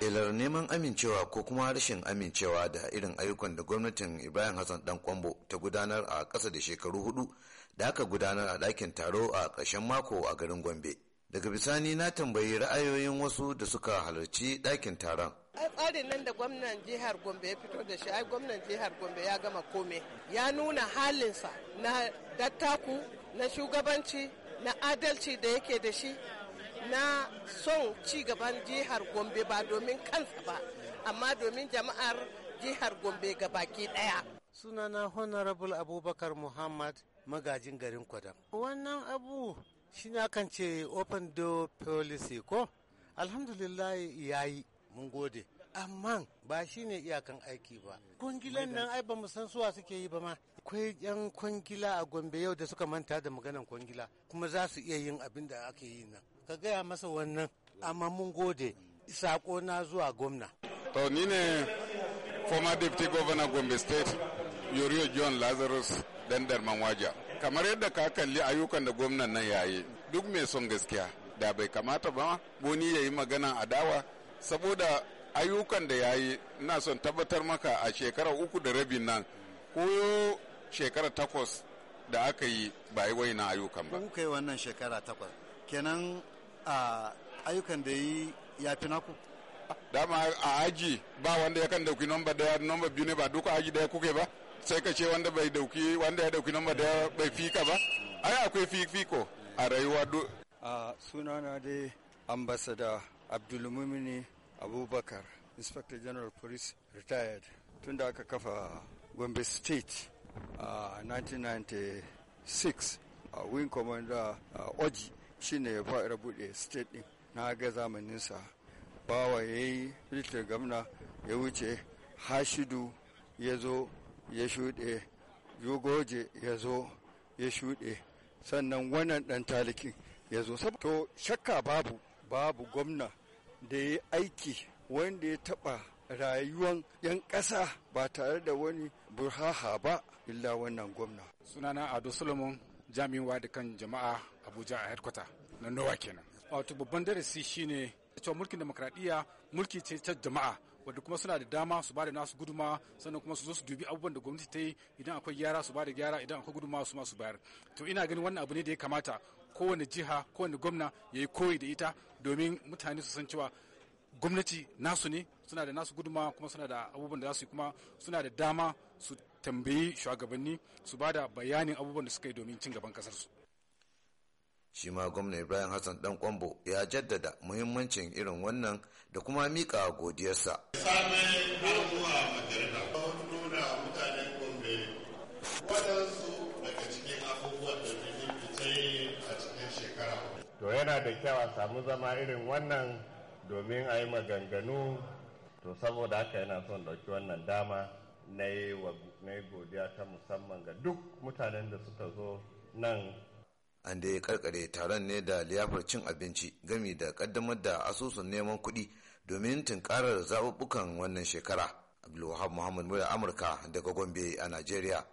ilar neman amincewa ko kuma rashin amincewa da irin ayyukan da gwamnatin ibrahim hassan dan kwambo ta gudanar a ƙasa da shekaru hudu da aka gudanar a ɗakin taro a ƙarshen mako a garin gombe daga bisani na tambayi ra'ayoyin wasu da suka halarci ɗakin taron ai tsarin nan da gwamnan jihar gombe ya fito da shi ai gwamnan jihar gombe ya gama kome ya nuna halinsa na dattaku na shugabanci na adalci da yake da shi na son ci gaban jihar Gombe ba domin kansa ba, amma domin jama'ar jihar Gombe ga baki ɗaya. Sunana Honorable Abubakar Muhammad magajin garin Kwadam. Wannan abu shi na kan ce open door policy ko? Alhamdulillah ya yi, mun gode. Amma ba shi ne iyakan aiki ba. Kungilan nan ai ba mu san suwa suke yi ba ma. Akwai 'yan kwangila a Gombe yau da suka manta da maganan kwangila kuma za su iya yin abin da ake yi nan. ka gaya masa wannan amma mun gode sako na zuwa gwamna to ni ne former deputy governor gombe state yuriyo john lazarus dan darman waja kamar yadda ka kalli ayyukan da gwamnan nan yayi duk mai son gaskiya da bai kamata ba boni ya yi magana dawa, saboda ayyukan da ya yi ina son tabbatar maka a shekara uku da rabin nan ko shekara takwas da aka yi ba yi waina ayyukan ba. Kuka yi wannan shekara takwas. Kenan a ayyukan da yi ya fi naku dama a aji ba wanda ya kan dauki nomba daya nomba biyu ne ba duka aji daya kuke ba sai ka ce wanda bai dauki wanda ya dauki nomba daya bai fika ba ai akwai fifiko a rayuwa do a sunana dai ambassador abdulmumini abubakar inspector general police retired tun da aka kafa gombe state a uh, 1996 a uh, wing commander uh, oji shine ya fara buɗe state ɗin na ga zamaninsa bawa ya yi little gamna ya wuce hashidu ya zo ya shuɗe yugoje ya zo ya shuɗe sannan wannan ɗan talikin ya zo to shakka babu babu gwamna da ya aiki wanda ya taɓa rayuwan 'yan ƙasa ba tare da wani burhaha ba illa wannan gwamna sunana ado solomon jami'in wada kan jama'a abuja a headquarter na nowa kenan wato babban darasi shine cewa mulkin demokradiyya mulki ce ta jama'a wadda kuma suna da dama su da nasu guduma sannan kuma su zo su dubi abubuwan da gwamnati ta yi idan akwai gyara su da gyara idan akwai guduma su ma su bayar to ina ganin wannan abu ne da ya kamata kowane jiha kowane gwamna ya yi koyi da ita domin mutane su san cewa gwamnati nasu ne suna da nasu guduma kuma suna da abubuwan da za su yi kuma suna da dama su tambayi shugabanni su ba da bayanin abubuwan da suka yi domin cin gaban kasarsu. shi ma gwamna ibrahim hassan dan kwambo ya jaddada muhimmancin irin wannan da kuma mika godiyarsa to yana da kyau a samu zama irin wannan domin a yi maganganu to saboda haka yana son ɗauki wannan dama na yi godiya ta musamman ga duk mutanen da suka zo nan an da ya karkare taron ne da liyafar cin abinci gami da kaddamar da asusun neman kuɗi domin tunkarar zaɓuɓɓukan wannan shekara abdulwahab muhammad mura amurka daga gombe a najeriya